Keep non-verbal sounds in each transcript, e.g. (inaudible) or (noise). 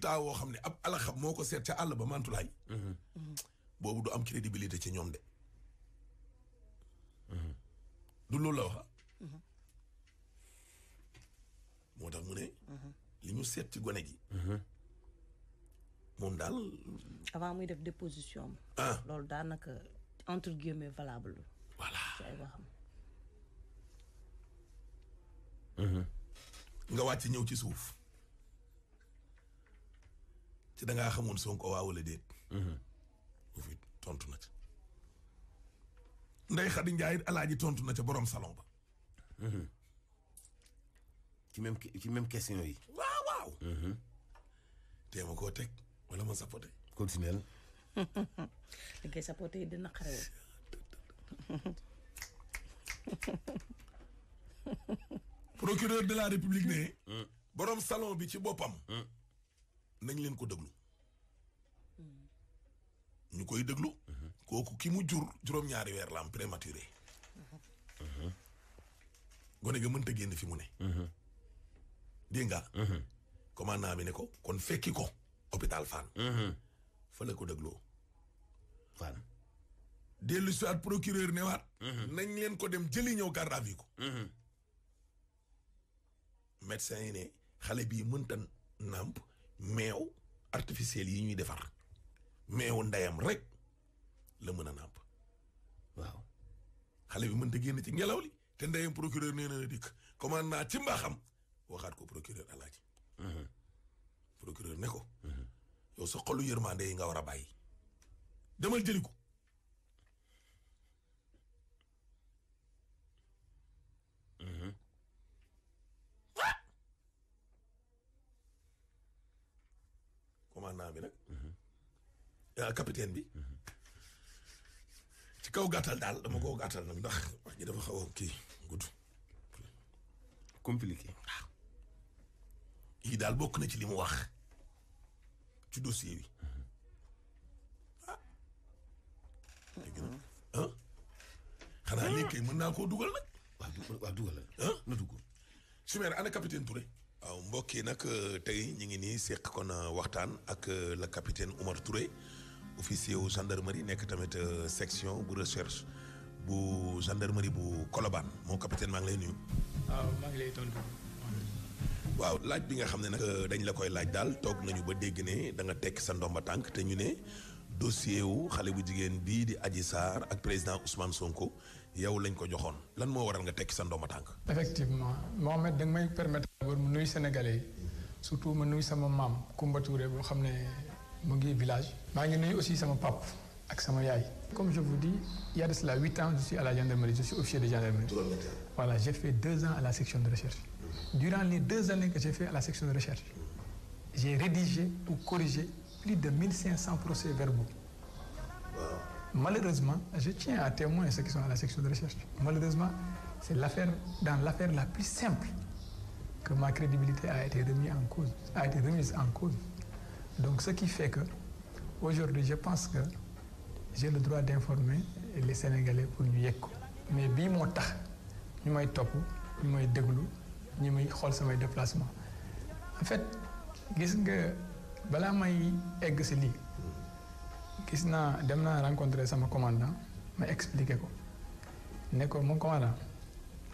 résultat woo xam ne ab alaxam moo ko seet ca àll ba mantulaay mhm. boobu du am crédibilité ci ñoom de mhm. du loolu la wax mhm. moo tax mu ne li ñu seet ci gone gi moom daal avant muy def déposition ah loolu daanaka entre guillemets valable lu voilà ci ay waxam nga wàcc ñëw ci suuf ci da ngaa xamoon Sonko waa wala déet. bu mhm. tontu na ca. Ndeye Khady Ndiaye alaaji tontu na ca borom salon ba. Mhm. ci même ci même question yi. waaw waaw. Mhm. tee ma teg wala ma sapote. continué la. (laughs) li ngay sapote yi dina xarew. procureur de la république ne. Mm. borom salon bi ci boppam. Mm. nañ leen ko déglu. ñu koy déglu. kooku ki mu jur juróom-ñaari weer la am prématuré. gone ga mënta génn fi mu ne. dégg nga. commandant bi ne ko kon fekki ko hôpital Fann. fa ko dégloo. Fann. dellu si waat procureur ne waat. nañ leen ko dem jëli ñëw garde à vue ko. Mhm. médecin yi ne xale bii mënta nàmp meew artificiel yi ñuy defar meewu ndeyam rek la mën a nàmp waaw xale bi mënta génn ci ngelaw li te ndeyam procureur nee na dikk commande naa ci mbaaxam waxaat ko procureur alaaji mhm. procureur ne ko yow sa xolu yërmande yi nga war a bàyyi demal jëli ko commandant bi nag. Euh, capitaine bi. ci kaw gàttal daal dama koo gàttal nag ndax wax ji dafa xaw kii gudd. compliqué. waaw yii daal bokk na ci li mu wax ci dossier bi. ah. dégg na ah. mën naa koo dugal nag. waaw dugal waaw dugal la. ah na dugg. Chimère ana capitaine Touré. waaw mbokk yi nag euh, tey ñu ngi nii seq kon waxtaan ak euh, le capitaine Oumar Touré officier wu gendarmerie nekk tamit euh, section bu recherche bu gendarmerie bu Colobane moom capitaine maa lay nuyu. waaw maa ngi lay tontu. waaw laaj bi nga xam ne nag dañ la koy laaj daal toog nañu ba dégg ne da nga sa ndomba tànk te ñu ne dossier xale bu jigéen bii di aji saar ak président Ousmane Sonko yow lañ ko joxoon lan moo waral nga tekki sa ndomba tànk. effectivement Mohamed da nga d'abord mu nuyu sénégalais yi surtout ma nuyu sama maam Koumba Touré boo xam ne mu ngi village. maa ngi nuyu aussi sama pap ak sama yaay. comme je vous dis il y a de cela huit ans je suis à la gendarmerie je suis officier de gendarmerie. voilà j'ai fait deux ans à la section de recherche. durant les deux années que j'ai fait à la section de recherche j'ai rédigé ou corrigé plus de mille cinq cents procès verbaux. Malheureusement, je tiens à témoin ceux à la section de recherche. Malheureusement, que ma crédibilité a été remise en cause, a été remise en cause. Donc ce qui fait que aujourd'hui je pense que j'ai le droit d'informer les Sénégalais pour ñu yegg ko mais bii moo tax ñu may topp ñu may déglu ñu may xool samay déplacement en fait gis nga balaa may egg si lii gis naa dem naa rencontrer sama commandant ma expliqué ko ne ko mon commandant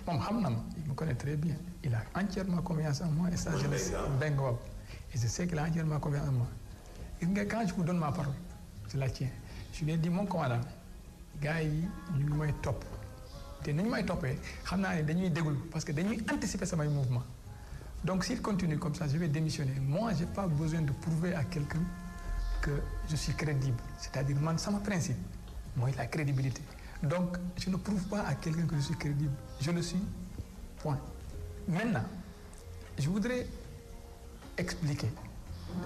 moom xam na ma il me connaît très bien il a entièrement confiance en moi et sa jeunesse benn waaw et je sais qu'il nga quand je vous donne ma parole je la tiens je lui ai dit mon commandant gars yi ñu ngi may topp te ni ñu may toppee xam naa ne dañuy déglu parce que dañuy anticiper samay mouvement donc s'il continue comme ça je vais démissionner moi j'ai pas besoin de prouver à quelqu'un que je suis crédible c'est-à-dire man sama principe mooy la crédibilité Donc, je ne prouve pas à quelqu'un que je suis crédible. Je le suis. Point. Maintenant, je voudrais expliquer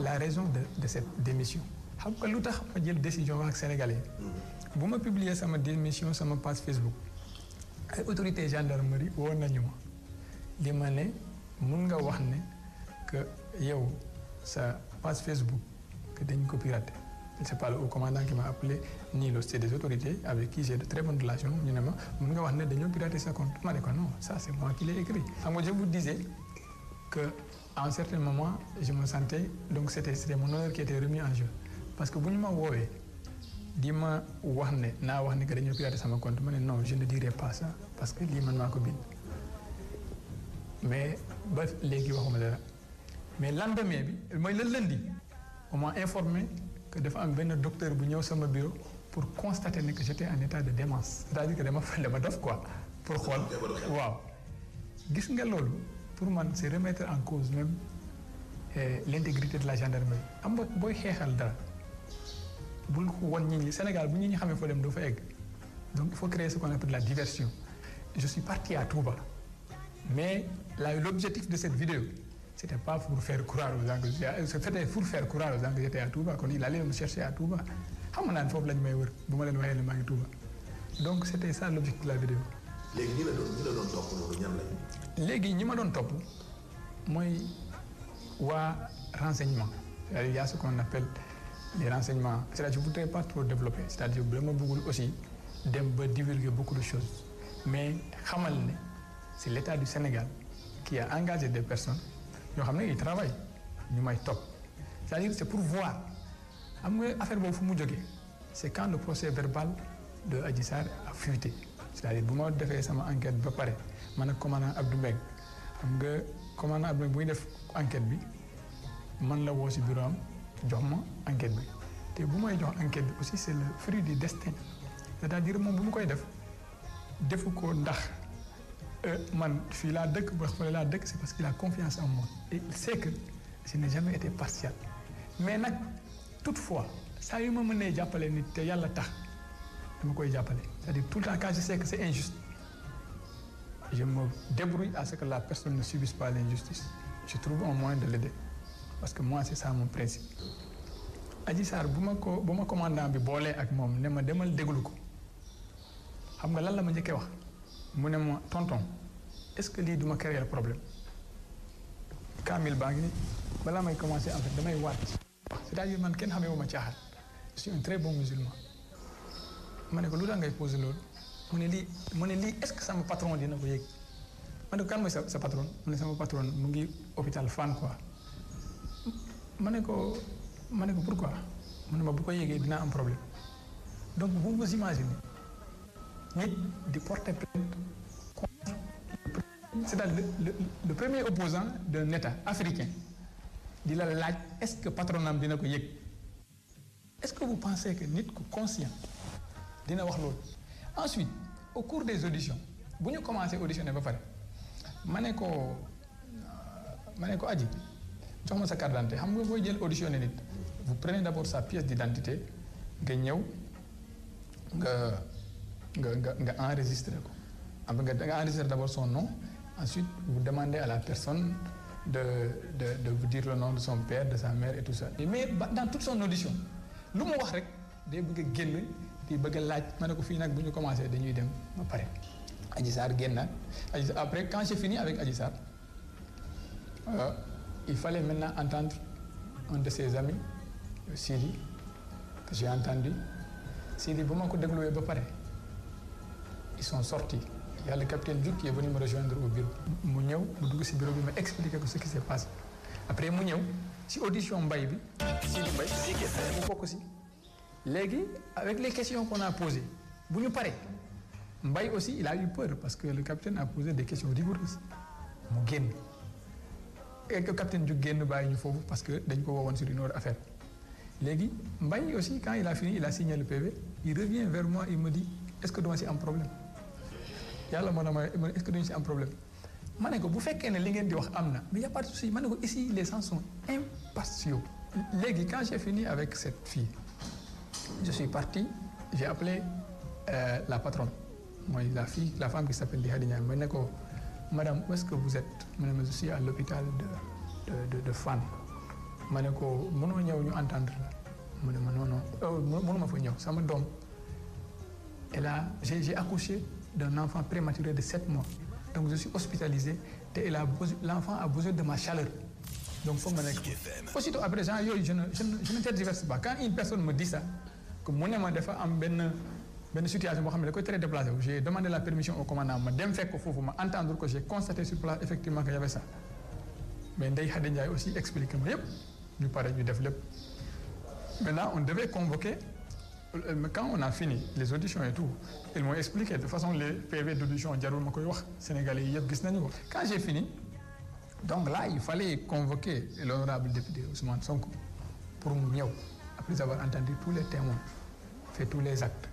la raison de, de cette démission. xam nga lu tax ma jël décision wax ak sénégalais bu ma publier sama démission sama page Facebook ay autorité gendarmerie woo nañu ma li ma ne mun nga wax ne que yow sa page Facebook que dañ ko piraté c'est pas le haut commandant qui m'a appelé ni le c'est des autorités avec qui j'ai de très bonnes relations ñu ne ma mën nga wax ne dañoo pirater sa compte ma ne ko non ça c'est moi qui l'ai écrit que à un certain moment je donc c'était c'était mon honneur qui parce que bu ñu ma woowee di ma wax ne naa wax ne que dañoo pirater sama compte ma ne non je ne dirai pas ça parce que lii man maa ko bind mais ba léegi waxuma dara mais lendemain bi mooy la lundi on m'a informé que dafa am benn docteur bu ñëw sama bureau pour constater ne que j'étais en état de démence c'est-à-dire que dama fa dama dof quoi pour xool waaw gis nga loolu pour man c'est remettre en cause même eh, l'intégrité de la gendarmerie am nga booy xeexal dara bul woon ñi ñi Sénégal bu ñu ñu xamee foo dem doo fa egg donc il faut créer ce qu'on appelle la diversion je suis parti à Touba mais là l'objectif de cette vidéo C'était pas pour faire croire aux Anglais c'était pour faire croire aux Anglais j'étais à Touba kon il allait me chercher à Touba xam nga naan foofu de léegi ñi la léegi ñi ma doon topp mooy waa renseignement c'est-à-dire y a ce qu'on appelle les renseignements c'est-à-dire je voudrais pas trop développer cest aussi dem ba divulguer beaucoup de choses mais xamal ne c'est l'État du Sénégal qui a engagé des personne yoo xam ne ils travaillent ñu may topp c'est-à-dire c'est pour voir am nga affaire boobu fu mu jógee c'est quand le procès verbal de Adji Sarr a fuité c'est-à-dire bu ma defee sama enquête ba pare man ak commandant Abdou Mbengue xam nga commandant Abdou Mbengue def enquête bi man la woo si bureau am jox ma enquête bi te bu may jox enquête bi aussi c'est le fruit du destin c'est-à-dire moom bu mu koy def defu ko ndax. Euh, man fii laa dëkk ba xoolee laa dëkk c'est parce qu'il a confiance en moi et il sait que jamais été partial mais nag toutefois saa yu ma mën mënee jàppale nit te yàlla tax dama koy jàppale cest dire tout le temps quand je sais que injuste je me débrouille à ce que la personne ne pas l'injustice je trouve un moyen de l'aider parce que moi c'est ça mon principe Adji Sarr bu ma ko bu ma commandant bi boolee ak moom ne ma demal déglu ko xam nga lan la ma njëkkee wax mu ne ma tonton est-ce que lii duma créer problème kaamil baa ngi ni balaa may commencer en fait damay waat c'est-à-dire man kenn xamee wu ma caaxaan je suis un très bon musulman ma ne ko lu tax ngay posé loolu mu ne lii mu ne lii est-ce que sama patron dina ko yëg ma ne ko kan mooy sa sa patron mu ne sama patron mu ngi hôpital Fann quoi ma ne ko ma ne ko pourquoi mu ne ma bu ko yëgee dinaa am problème donc bu mu imaginer nit di porter plainte contre c'est-à-dire le, le, premier opposant d'un État africain di la laaj est-ce que patronam dina ko yëg est-ce que bu pensez que nit ku conscient dina wax loolu ensuite au cours des auditions bu ñu commencé auditionné ba pare ma ne ko ma ne ko aji jox ma sa carte d'identité xam nga foo jël auditionné nit vous prenez d'abord sa pièce d'identité nga ñëw nga nga nga nga enregistré ko am nga nga enregistré d' abord son nom ensuite vous demandez à la personne de de de vous dire le nom de son père de sa mère et tout ça. mais dans toute son audition lu mu wax rek day bëgg a génn di bëgg a laaj ma ne ko fii nag bu ñu commencé dañuy dem ba pare. Adji Sarr génnaat Adji Sarr après quand j'ai fini avec Adji Sarr euh, il fallait maintenant entendre un de ses amis Sidi que j'ai entendu Sidi bu ma ko dégluwee ba pare. ils sont sortis il y a le capitaine Diouf qui est venu me rejoindre au bureau mu ñëw mu dugg si bureau bi ma expliqué ko ce qui s'est passé après mu ñëw si audition mbay bi Sidi Mbaye mu bokk si léegi avec les questions qu'on a posées bu ñu paree Mbaye aussi il a eu peur parce que le capitaine a posé des questions rigoureuses mu génn et que capitaine Diouf génn bàyyi ñu foofu parce que dañ ko woowoon sur une autre affaire léegi Mbaye aussi quand il a fini il a signé le PV il revient vers moi il me dit est-ce que duma si am problème yàlla mën a may est-ce que duñu si ma ne ko bu fekkee ne li ngeen di wax am na mais y a pas de souci ma ne ko ici léegi quand j'ai fini avec cette fille je parti j'ai appelé euh, la patronne mooy la fille la femme qui s'appelle Lihadi Niang ma ne ko madame ma ne ma je suis à de de ma ne ko mënoo ñëw ñu entendre mu ne ma non non euh, sama doom et là j'ai accouché d'un enfant prématuré de 7 mois. Donc je suis hospitalisé et l'enfant a besoin de ma chaleur. Donc il faut me Aussitôt après, genre, yo, je ne, je ne, je ne pas. une personne me dit ça, que mon aimant des fois am ben situation boo xam ne da koy très déplacé j'ai demandé la permission au commandant ma dem fekk foofu ma entendre ko j'ai constaté sur place effectivement que y avait ça mais Ndeye Khady Ndiaye aussi expliqué ma yëpp ñu pare Euh, quand on a fini les auditions et tout ils m'ont expliqué de façon les PV d'audition jarul ma koy wax sénégalais yi yëpp gis nañu ko quand j'ai fini donc là il fallait convoquer l'honorable député Ousmane Sonko pour mu ñëw après avoir entendu tous les témoins fait tous les actes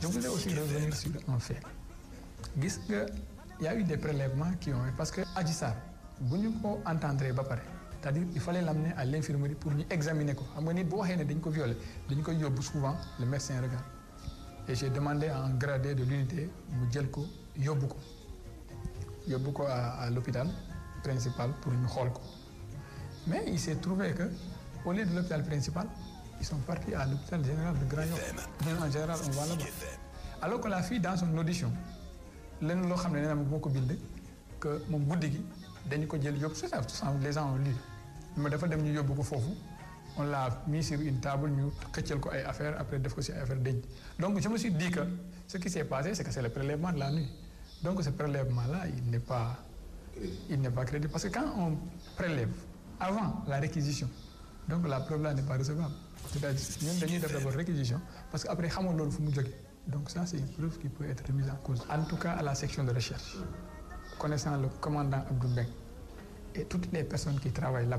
je voulais aussi revenir sur un fait gis nga des prélèvements qui ont parce que Adji Sarr bu ñu ko entendre ba pare c'est-à-dire il fallait l'amener à l'infirmerie pour ñu examiner ko xam nga nit bu waxee ne dañ ko violer dañ koy yóbbu souvent le médecin regarde et j'ai demandé à un gradé de l'unité mu jël ko yóbbu ko yóbbu ko à l'hôpital principal pour ñu xool ko mais il s'est trouvé que au lieu de l'hôpital principal ils sont partis à l'hôpital général de Grand Yoff en général on va là-bas alors que la fille dans son audition lenn loo xam ne nee boo moo ko bind que moom guddi gi dañu ko jël yóbbu c'est ça les gens ont ma dafa dem ñu yóbbu ko foofu on l'a mis sur une table ñu xëccal ko ay affaire après def ko si affaire denc donc je me suis dit que ce qui s'est passé c'est que c'est le prélèvement de la nuit donc ce prélèvement là il n'est pas il n'est pas crédible parce que quand on prélève avant la réquisition donc la preuve là n'est pas recevable c'est-à-dire ñun def d'abord réquisition parce que après xamoon loolu fu mu jógee donc ça c'est une qui peut être remise en cause en tout cas à la section de recherche commandant Abdou Mbeng et toutes les personnes qui travaillent là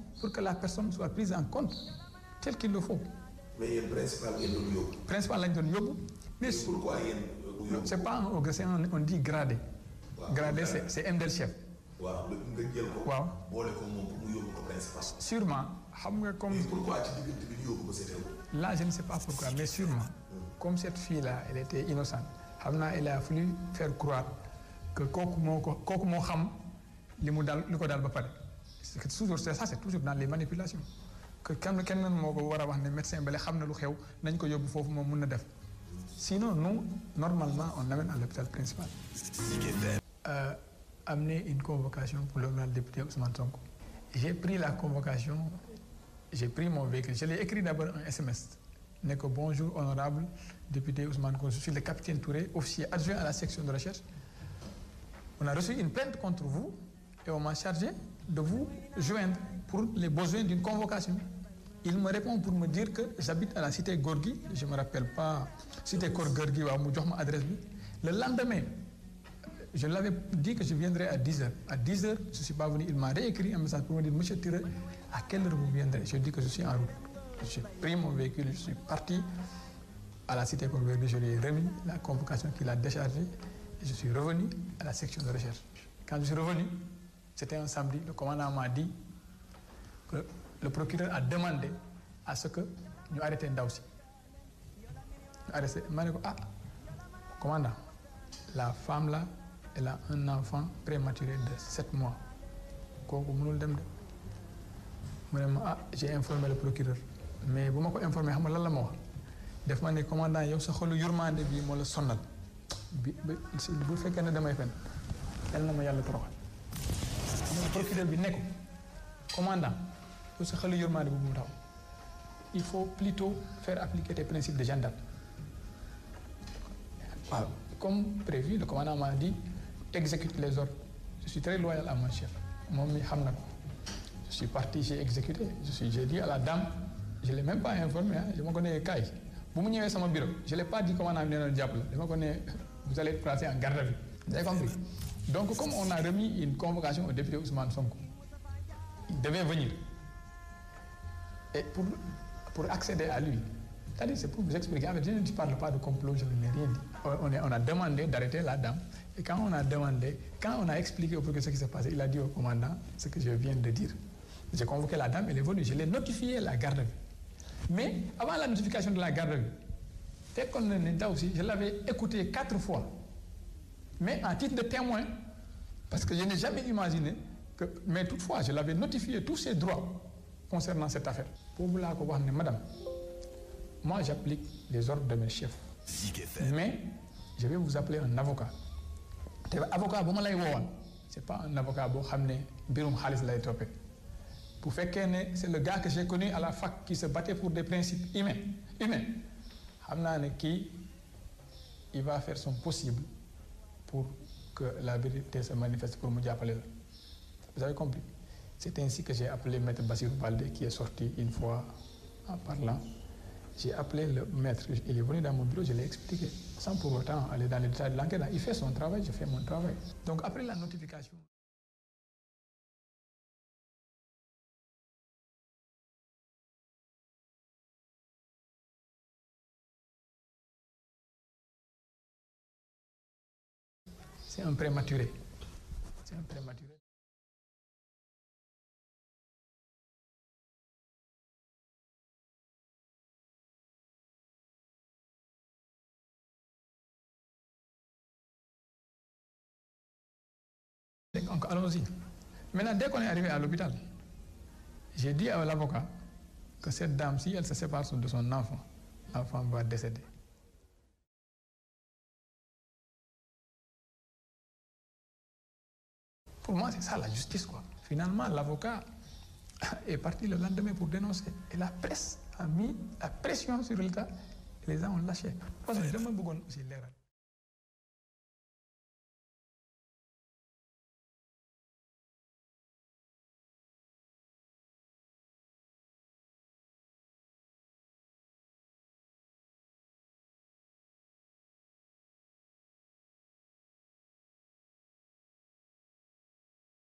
pour que la personne soit prise en compte tel qu'il le faut. mais yéen principal ngeen doon yóbbu. principal lañ doon yóbbu. mais pourquoi yéen yóbbu non c'est pas un au on dit gradé. waaw gradé c'est c'est MDL chef. waaw nga jël ko. waaw boole ko moom mu yóbbu ko principal. sûrement xam nga comme. mais pourquoi ci diggante bi ñu yóbbu ko c'était où. là je ne sais pas pourquoi mais sûrement. comme cette fille là elle était innocente. xam naa il a fallu faire croire que kooku moo ko kooku moo xam li mu dal li ko dal ba pare. c'est toujours ça c'est toujours dans les manipulations que kenn kenn moo ko war a wax ne médecin bale xam na lu xew nañ ko yóbbu foofu moom mun na def sinon nous normalement on l'amène à l'hôpital principal euh, amener une convocation pour l'honorable député Ousmane Sonko j'ai pris la convocation j'ai pris mon véhicule je l'ai écrit d'abord un SMS ne ko bonjour honorable député Ousmane Sonko je suis le capitaine Touré officier adjoint à la section de recherche on a reçu une plainte contre vous et on m'a chargé de vous joindre pour les besoins d'une convocation. Il me répond pour me dire que j'habite à la cité Gorgui, je me rappelle pas cité Kor Gorgui waaw mu jox ma adresse bi. Le lendemain, je l'avais dit que je viendrais à 10 heures. À 10 heures, je suis pas venu, il m'a réécrit un message pour me dire monsieur Tiré, à quelle heure vous Je dis que je suis en route. J'ai pris véhicule, je suis parti à la cité Kor Gorgui, je lui remis la convocation qu'il de recherche. Quand C'était un samedi, le commandant m'a dit que le procureur a demandé à ce que ñu arrêté ndaw si ñu arrêté ma ne ko ah commandant la femme là elle a un enfant prématuré de sept mois kooku mënul dem de mu ne ma ah j'ai informé le procureur mais bu ma ko informé xam nga lan la ma wax def ma ne commandant yow sa xolu yurmande bi moo la sonnal bi bu fekkee ne damay fen yal na ma yàlla toroxal procureur bi ne ko commandant yow sa xelu yërmande bu mu taw il faut plutôt faire appliquer les principes de Jeanne waaw comme prévu le commandant m'a dit exécute les ordres je suis très loyal à mon moom mi xam na ko je suis parti j'ai exécuté je suis j'ai dit à la dame je l'ai même pas informé ah je ma ko ne kaay bu mu ñëwee sama bureau je l'ai pas dit commandant bi nee jàpp la dama ko ne vous allez être placé en garde à vue vous avez Donc, comme on a remis une convocation au député Ousmane Sonko, il devait venir. Et pour, pour accéder à lui, c'est-à-dire, c'est pour vous expliquer, je ne parle pas de complot, je n'ai rien On, a demandé d'arrêter la dame. Et quand on a demandé, quand on a expliqué au procureur ce qui s'est passé, il a dit au commandant ce que je viens de dire. J'ai convoqué la dame, elle est venue, je l'ai notifié la garde vue. Mais avant la notification de la garde vue, dès qu'on était aussi, je l'avais écouté quatre fois. mais à titre de témoin parce que je n'ai jamais imaginé que mais toutefois je l'avais notifié tous ses droits concernant cette affaire boobu laa ko wax ne madame moi j'applique les ordres de mes chefs mais je vais vous appeler un avocat te avocat bu ma lay woowoon c'est pas un avocat boo xam ne mbirum xaalis lay toppee bu fekkee ne c'est le gars que j'ai connu à la fac qui se battait pour des principes humains humains xam naa ne kii il va faire son possible pour que la vérité se manifeste pour mu jàppale la vous avez compris c'est ainsi que j'ai appelé maître Bassirou Baldé qui est sorti une fois en parlant j'ai appelé le maître il est venu dans mon bureau je l'ai expliqué sans pour autant aller dans les détails de l'enquête il fait son travail je fais mon travail donc après la notification c'est prématuré c'est un prématuré donc allons-y maintenant arrivé à l'hôpital j'ai dit à l'avocat que cette dame si elle se sépare de son enfant l'enfant va décéder pour moi, c'est ça la justice. Quoi. Finalement, l'avocat est parti le lendemain pour dénoncer. Et la presse a mi la pression sur l'État et les gens ont lâché. Parce que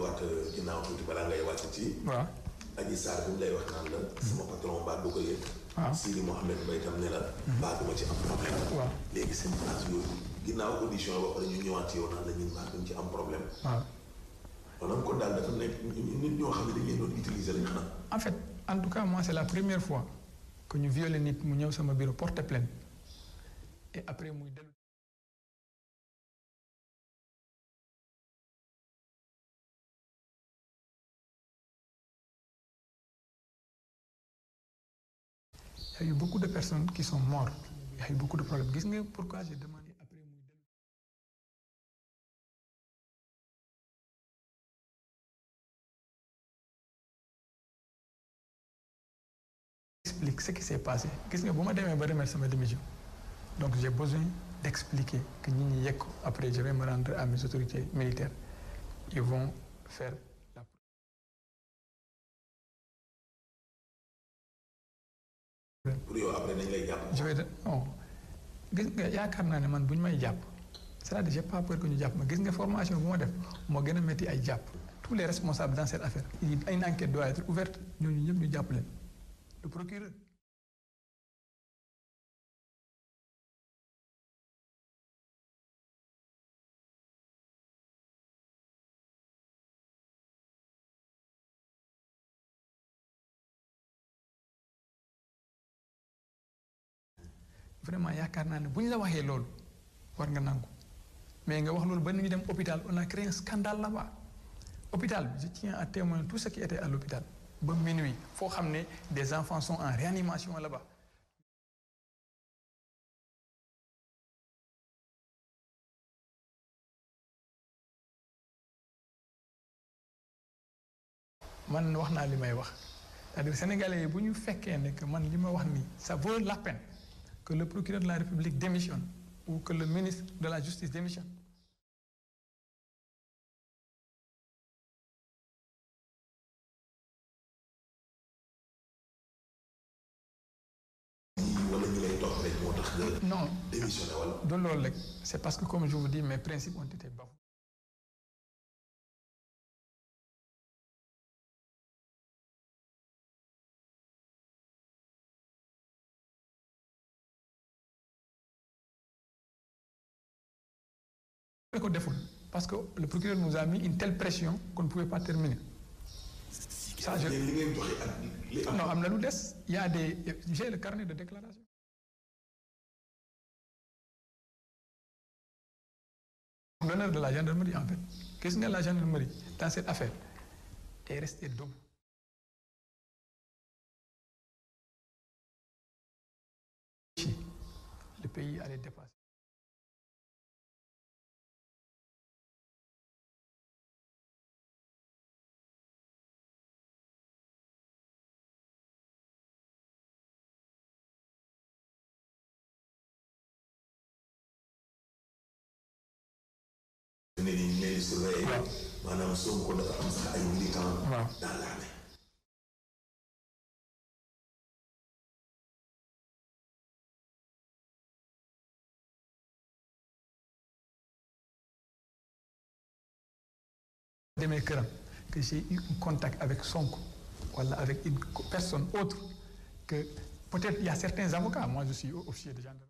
delluwaat euh, ginnaaw tuuti balaa ngay wàcc ci. waaw Adji Sarr bi mu lay wax naan la. Hmm. sama patron baat du a yëg. waaw Sidi Mouhamed Mbaye tam ne la. Hmm. baat du ma ci am problème. waaw léegi ginnaaw audition ba pare ñu ñëwaat yow naan la ñun baat ci am problème. waaw. maanaam kon daal dafa nekk nit ñoo xam ne dañ leen doon utiliser lañ xanaa. en fait en tout cas moi c'est la première fois que ñu violé nit mu ñëw sama bureau porte plainte et après muy dellu. y de personnes qui sont mortes y de problèmes gis nga pourquoi j'ai demandé après muy dellu explique ce qui s'est passé gis nga bu ma demee ba remettre sama démission donc j'ai besoin d'expliquer que nit ñi yegg après je vais rendre à mes autorités militaires ils faire peut-être non oh. gis nga yaakaar naa ne man bu ñu may jàpp c'est-à-dire j'ai pas peur que ñu jàpp ma gis nga formation bu ma def moo gën a métti ay jàpp tous les responsables dans cette affaire une enquête doit être ouverte ñooñu ñëpp ñu jàpp leen le procureur vraiment yaakaar naa ne bu ñu la waxee loolu war nga nangu mais nga wax loolu ba ñu dem hôpital on a créé un scandale là-bas hôpital bi je tiens à témoigner tout ce foo xam ne des enfants sont en réanimation là-bas. man wax naa li may wax cest à bu ñu fekkee ne man li wax nii ça vaut la peine. que le procureur de la République démissionne ou que le ministre de la Justice démissionne. Non, de l'OLEC, c'est parce que comme je vous dis, mes ont été bafoués. ko deful parce que le procureur nous a mis une telle pression qu'on pouvait pas terminer. ça non am na lu des y des j'ai le carnet de déclaration. l'honneur de la gendarmerie en fait la gendarmerie dans cette affaire est restée debout. ne di ne di surveiller. waaw maanaam Sonko dafa am sax ay militants. waaw dans l'armée. demee këram que j'ai eu un contact avec Sonko wala avec une personne autre que peut-être il y a certains avocats moi je suis officier de gendarmerie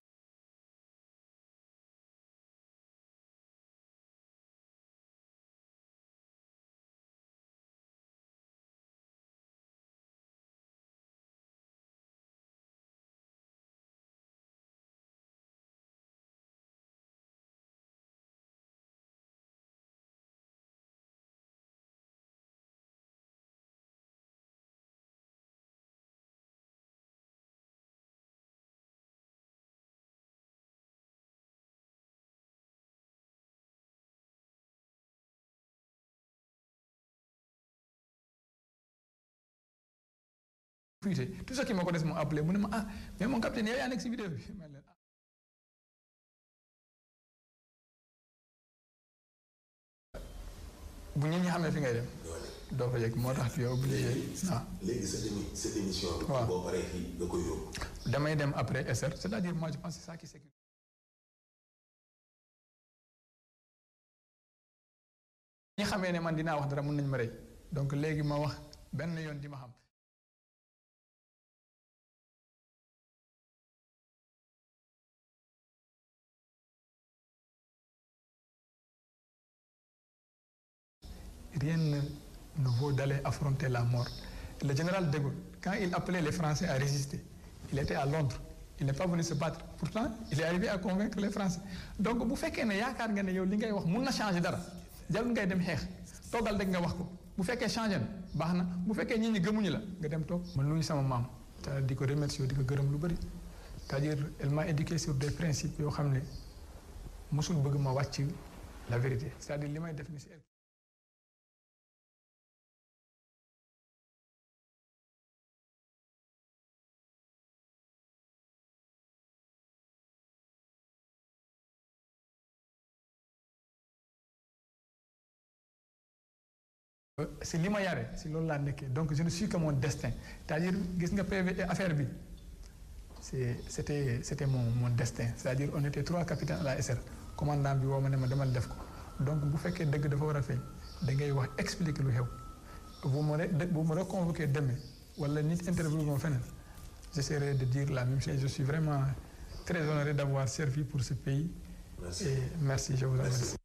tout ce qui ah, m'a (laughs) ah. bu ñu ñi xam fi ngay dem doo fa yegg moo tax tu es obligé damay dem après SR c'est-à-dire moi je pense c'est ça qui ñi xamee ne man dinaa wax dara mun nañ ma rey donc léegi ma wax benn yoon di ma xam bi rien ne vaut d'aller affronter la mort. Le général de Gaulle, quand il appelait les Français à résister, il était à Londres. il n'est pas venu se battre pourtant il est arrivé à convaincre les Français donc bu fekkee ne yaakaar nga ne yow li ngay wax mun na changer dara jarul ngay dem xeex toogal rek nga wax ko bu fekkee changer na baax na bu fekkee ñi ñi gëmuñu la nga dem toog. mën lu ñu sama maam te di ko remercier di ko gërëm lu bëri c'est-à-dire elle m'a des principes yoo xam ne mosul bëgg ma wàcc la vérité cest li may def ni si Euh, si li ma yare si loolu laa nekkee donc je ne suis que mon destin c'est-à-dire gis nga PV e affaire bi c'est c'était c'était mon mon destin c'est-à-dire on était trois capitaines à SR commandant bi woo ma ne ma demal def ko donc bu fekkee dëgg dafa war a feeñ da ngay wax expliquer lu xew bu ma re bu ma reconvoqué demee wala nit interview moom feneen j'essaierai de dire la même chose je suis vraiment très honoré d'avoir servi pour ce pays. merci et je vous remercie.